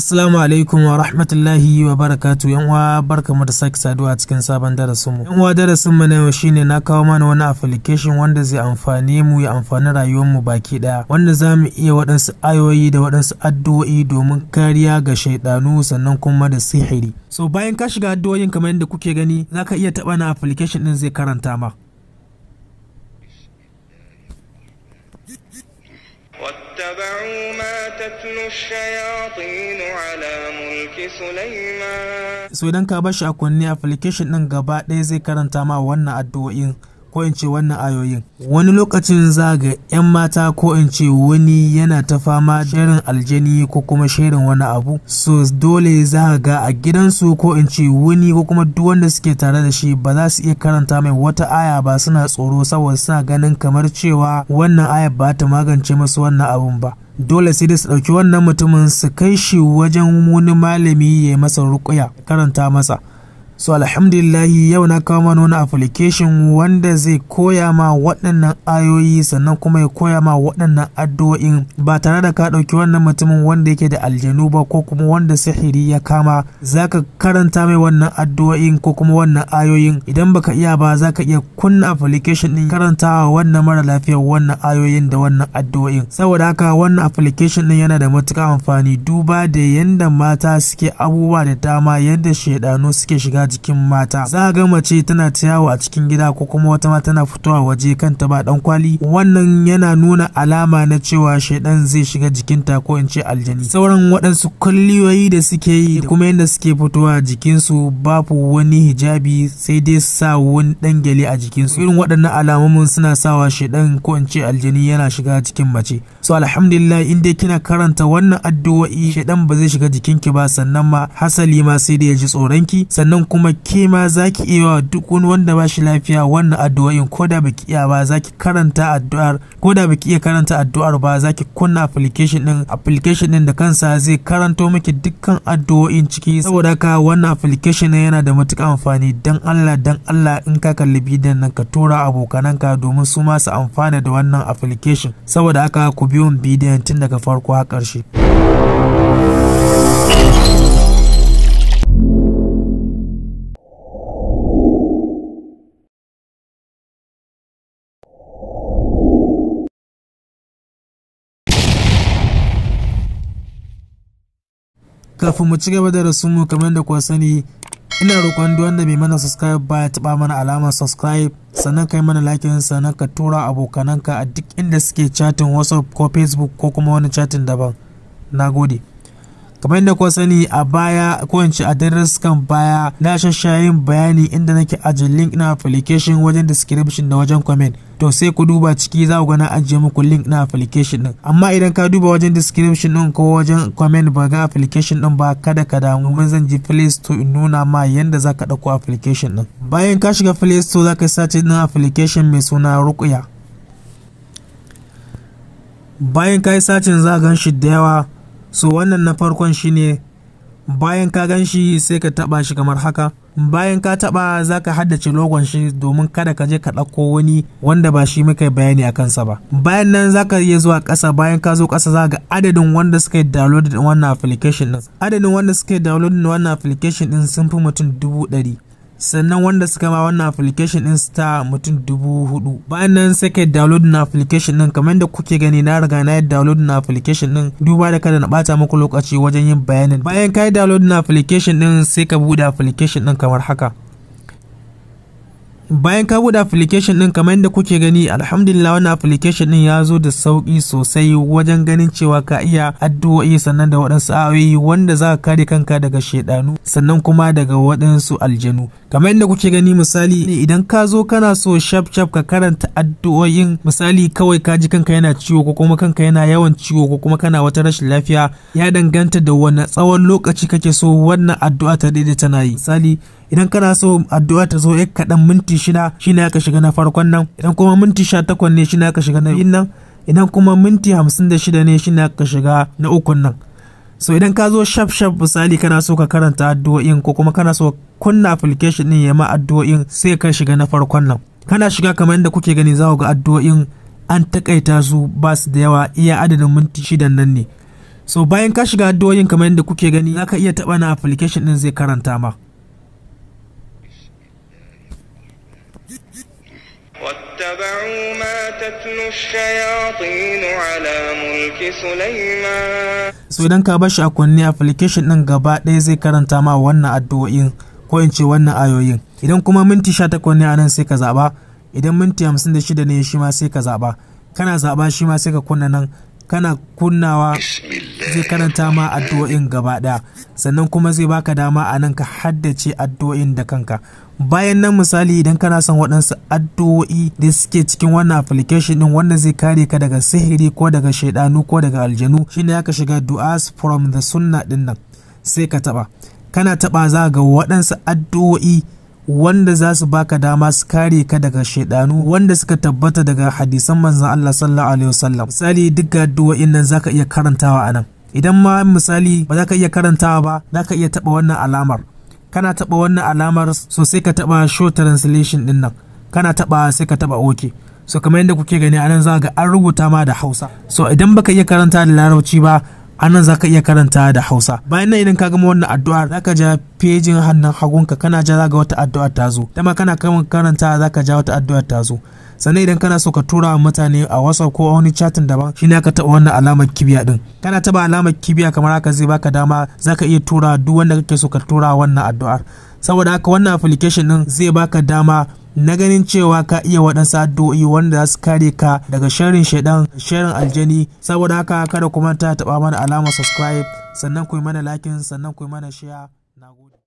Assalamu alaikum wa rahmatullahi wa barakatu yan uwa mu da sake saduwa cikin sabon darasin mu. Yan uwa darasin mu na yau shine na kawo mana wani application wanda zai amfane mu ya amfani rayuwar mu baki daya wanda za mu iya waɗansu ayoyi da waɗansu addu'o'i domin kariya ga shaidanu sannan kuma da sihiri. So bayan ka shiga addu'o'in kamar yadda kuke gani zaka iya taɓa na application din zai karanta ma. تتلو الشياطين على ملك سليمان ka bar shi a kunni application din gaba ɗaya zai karanta ma wannan addu'o'in ko in ce wannan ayoyin wani lokacin za ga 'yan mata ko in ce wani yana ta fama shirin aljani ko kuma shirin wani abu so dole za ga a gidansu ko in ce wani ko kuma duk wanda suke tare da shi ba za su iya karanta mai wata aya ba suna tsoro saboda suna ganin kamar cewa wannan aya ba ta magance masu wannan abun ba dole sai da su ɗauki wannan mutumin su kai shi wajen wani malami ya yi masa rukuya karanta masa so alhamdulillahi yau na kawo mana wani application wanda zai koya ma waɗannan ayoyi sannan kuma ya koya ma waɗannan addu'o'in ba tare da ka ɗauki wannan mutumin wanda yake da aljanu ba ko kuma wanda sihiri ya kama zaka karanta mai wannan addu'o'in ko kuma wannan ayoyin idan baka iya ba zaka iya kunna application din karanta wannan mara lafiyar wannan ayoyin da wannan addu'o'in saboda haka wannan application din yana da matuƙar amfani duba da yanda mata suke abubuwa da dama yadda shaidanu suke shiga jikin mata za ga mace tana ciyawa a cikin gida ko kuma wata ma tana fitowa waje kanta ba dan kwali wannan yana nuna alama na cewa shaidan zai shiga jikinta ko in ce aljani sauran waɗansu kulliyoyi da suke yi da kuma yadda suke fitowa jikinsu babu wani hijabi sai dai sa wani dan gyale a jikinsu irin waɗannan alamomin suna sawa shaidan ko in ce aljani yana shiga jikin mace so alhamdulillah in dai kina karanta wannan addu'o'i shaidan ba zai shiga jikin ki ba sannan ma hasali ma sai dai ya ji tsoronki sannan kuma kuma ke ma za ki iya wa duk wani wanda ba shi lafiya wannan addu'o'in ko da baki iya ba ki karanta addu'ar iya karanta addu'ar ba za ki kunna application din application din da kansa zai karanto miki dukkan addu'o'in ciki saboda haka wannan application yana da matuƙar amfani dan Allah dan Allah in ka kalli bidiyon nan ka tura abokananka domin su ma su amfana da wannan application saboda haka ku biyo bidiyon tun daga farko har ƙarshe. kafin mu ci gaba da mu kamar da kuwa sani ina roƙon duk wanda bai mana subscribe ba ya taɓa mana alamar subscribe sannan kai mana lakin sannan ka tura abokananka a duk inda suke chatin whatsapp ko facebook ko kuma wani chatin daban na gode kamar yadda kuwa sani a baya ko in ce a daruskan baya na shashayin bayani inda nake ajiye link na application wajen description da wajen comment to sai ku duba ciki za ku ga na ajiye muku link na application din amma idan ka duba wajen description din ko wajen comment ba ga application din ba kada ka damu mun zan ji play store in nuna ma yanda za ka dauko application din bayan ka shiga play store za ka sace din application mai suna ruqya bayan ka yi sacin za gan shi da yawa so wannan na farkon shine bayan ka gan shi sai ka taba shi kamar haka bayan ka taɓa za ka haddace logon shi domin kada ka je ka ɗauko wani wanda ba shi muka bayani a kansa ba bayan nan za ka iya zuwa ƙasa bayan ka zo ƙasa za ga adadin wanda suka yi download wannan application ɗin adadin wanda suka yi download wannan application ɗin sun fi mutum dubu ɗari sannan wanda suka ma wannan application din star mutum dubu hudu bayan nan sai kai download na application din kamar da kuke gani na riga na yi download na application din duba da kada na bata muku lokaci wajen yin bayanin bayan kai yi download na application din sai ka bude application din kamar haka bayan ka bude application din kamar yadda kuke gani alhamdulillah wannan application din ya zo da sauki sosai wajen ganin cewa ka iya addu'o'i sannan da waɗansu ayoyi wanda za ka kare kanka daga shaidanu sannan kuma daga waɗansu aljanu kamar yadda kuke gani misali idan ka zo kana so shaf shaf ka karanta addu'o'in misali kawai ka ji kanka yana ciwo ko kuma kanka yana yawan ciwo ko kuma kana wata rashin lafiya ya danganta da wani tsawon lokaci kake so wannan addu'a ta daidai tana yi misali idan kana so addu'a ta zo yake kaɗan minti shida shine aka shiga na farkon nan idan kuma minti sha takwas ne shine aka shiga na biyun nan idan kuma minti hamsin da shida ne shine aka shiga na ukun nan so idan ka zo shaf shaf misali kana so ka karanta addu'o'in ko kuma kana so kunna application din ya ma addu'o'in sai ka shiga na farkon nan kana shiga kamar yadda kuke gani za ku ga addu'o'in an takaita su ba su da yawa iya adadin minti shidan nan ne so bayan ka shiga addu'o'in kamar yadda kuke gani za ka iya taɓa na application din zai karanta ma واتبعوا ما تتلو الشياطين على ملك سليمان so idan ka bashi a kunne application din gaba ɗaya zai karanta ma wannan addu'o'in ko in ce wannan ayoyin idan kuma minti 18 ne a nan sai ka zaba idan minti 56 ne shi ma sai ka zaba kana zaba shi ma sai ka kunna nan kana kunnawa zai karanta ma addu'o'in gaba ɗaya sannan kuma zai baka dama a nan ka haddace addu'o'in da kanka bayan nan misali idan kana son waɗansu addu'o'i da suke cikin wannan application din wanda zai kare ka daga sihiri ko daga shaidanu ko daga aljanu shine ya ka shiga du'as from the sunna din nan sai ka taba kana taba za ga waɗansu addu'o'i wanda za su baka dama su kare ka daga shaidanu wanda suka tabbata daga hadisan manzon Allah sallallahu alaihi wasallam misali duk addu'o'in nan zaka iya karantawa anan idan ma misali ba za iya karantawa ba za iya taba wannan alamar kana taba wannan alamar so sai ka taba show translation din nan kana taba sai ka taba oke so kamar yadda kuke gani anan za ga an rubuta ma da Hausa so idan baka iya karanta da Larabci ba anan zaka iya karanta da hausa bayan nan idan ka gama wannan addu'a zaka ja pejin hannun hagunka kana ja ga wata addu'a ta zo dama kana kan karanta zaka ja wata addu'ar ta zo sannan idan kana so ka tura wa mutane a whatsapp ko wani chatin daban shine ka taba wannan alamar kibiya din kana taba alamar kibiya kamar haka zai baka dama zaka iya tura duk wanda kake so ka tura wannan addu'ar saboda haka wannan application din zai baka dama na ganin cewa ka iya waɗansu addu'o'i wanda za su kare ka daga sharrin shaidan sharrin aljani saboda haka kada kuma ta taɓa mana alamar subscribe sannan ku yi mana lakin sannan ku yi mana share nagode